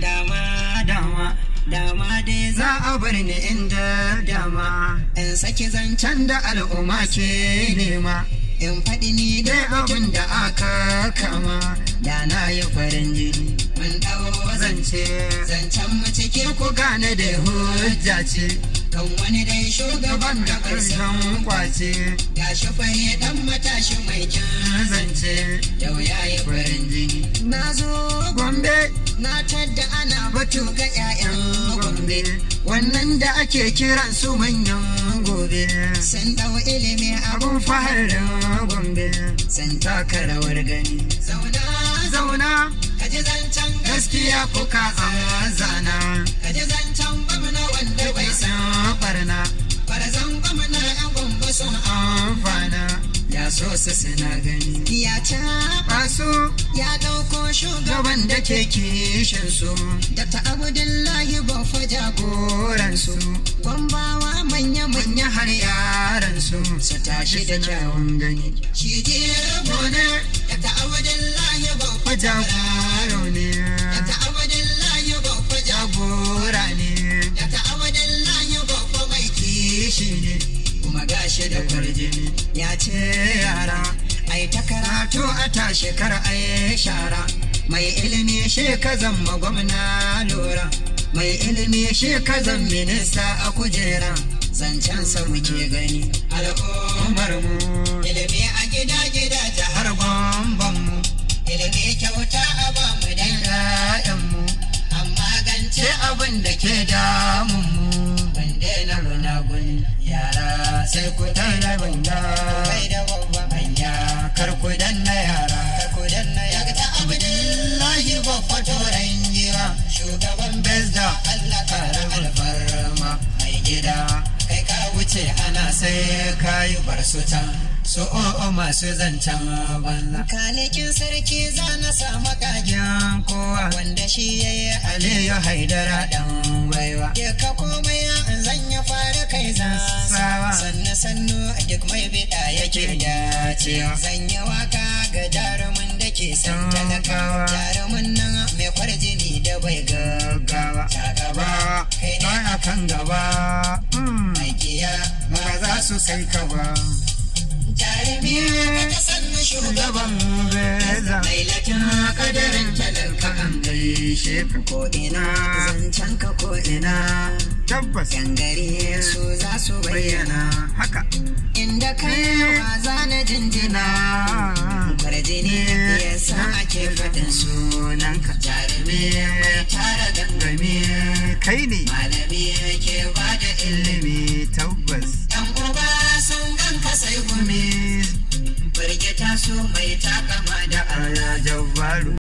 dama dama dama dai za a bar ni inda dama in saki zancen da al'umma ke nema in faɗi ni dai abin da aka kama da na yi farin jini mun dawo zance zancen mu cike ku gane da hujja ce kan wani dai shugaban da ƙarshen kwace ga shi dan matashi mai jan zance yau ya yi farin jini na zo gombe na tadda ana batu ga 'ya'yan gombe wannan da ake kiran su manyan gobe san dau ilimi abun faharin gombe san taka rawar gani zauna zauna ka zancen gaskiya ko ka zana zancen sosa suna gani ya caɓa ya ɗauko shugaban da ke kishin su da abdullahi bafa jagoran su gwambawa manya-manya har yaran su su tashi da kyawun gani shi ne dr abdullahi bafa jagoran tashi da kwarjini ya ce yara ai ta karatu a ta shekara ai shara mai ilimi shi ka zama gwamna lura mai ilimi shi ka zama minista a kujera zancen sa muke gani al'ummar mu ilimi a gida gida jihar gwamban mu ilimi kyauta a bamu dan dan mu amma gance abin da ke damun mu sai ku tara manya kai da babba manya kar ku danna yara kar ku danna yara ta abdullahi babba turan jira. shugaban bezda Allah kare alfarma mai gida kai ka wuce ana sai kayi bar su can su o'o oh, oh, masu zancen banza kalikin sarki za na samu kagen kowa wanda shi yayi aliyu haidara dan baiwa ya ka komai sannu duk mai bida yake dace zan yi waka ga jarumin da ke son talaka jarumin nan mai kwarjini da bai gaggawa ta gaba kai ne a kan gaba hmm, mai kiya ba za su sai ka ba jarumi ka sannu shugaban beza mai lakin kadare bishe ka ko ina zancen ka ko ina tabbas yan gari su za su bayyana haka inda kai wa eh. na jinjina ah. kwarjini eh. ya sa ake faɗin sunan ka jarumi mai tara gangami kai ne malami ke ba da ilimi tabbas yan uba sun ganka sai gumi firgita su mai takama da Allah jabbaru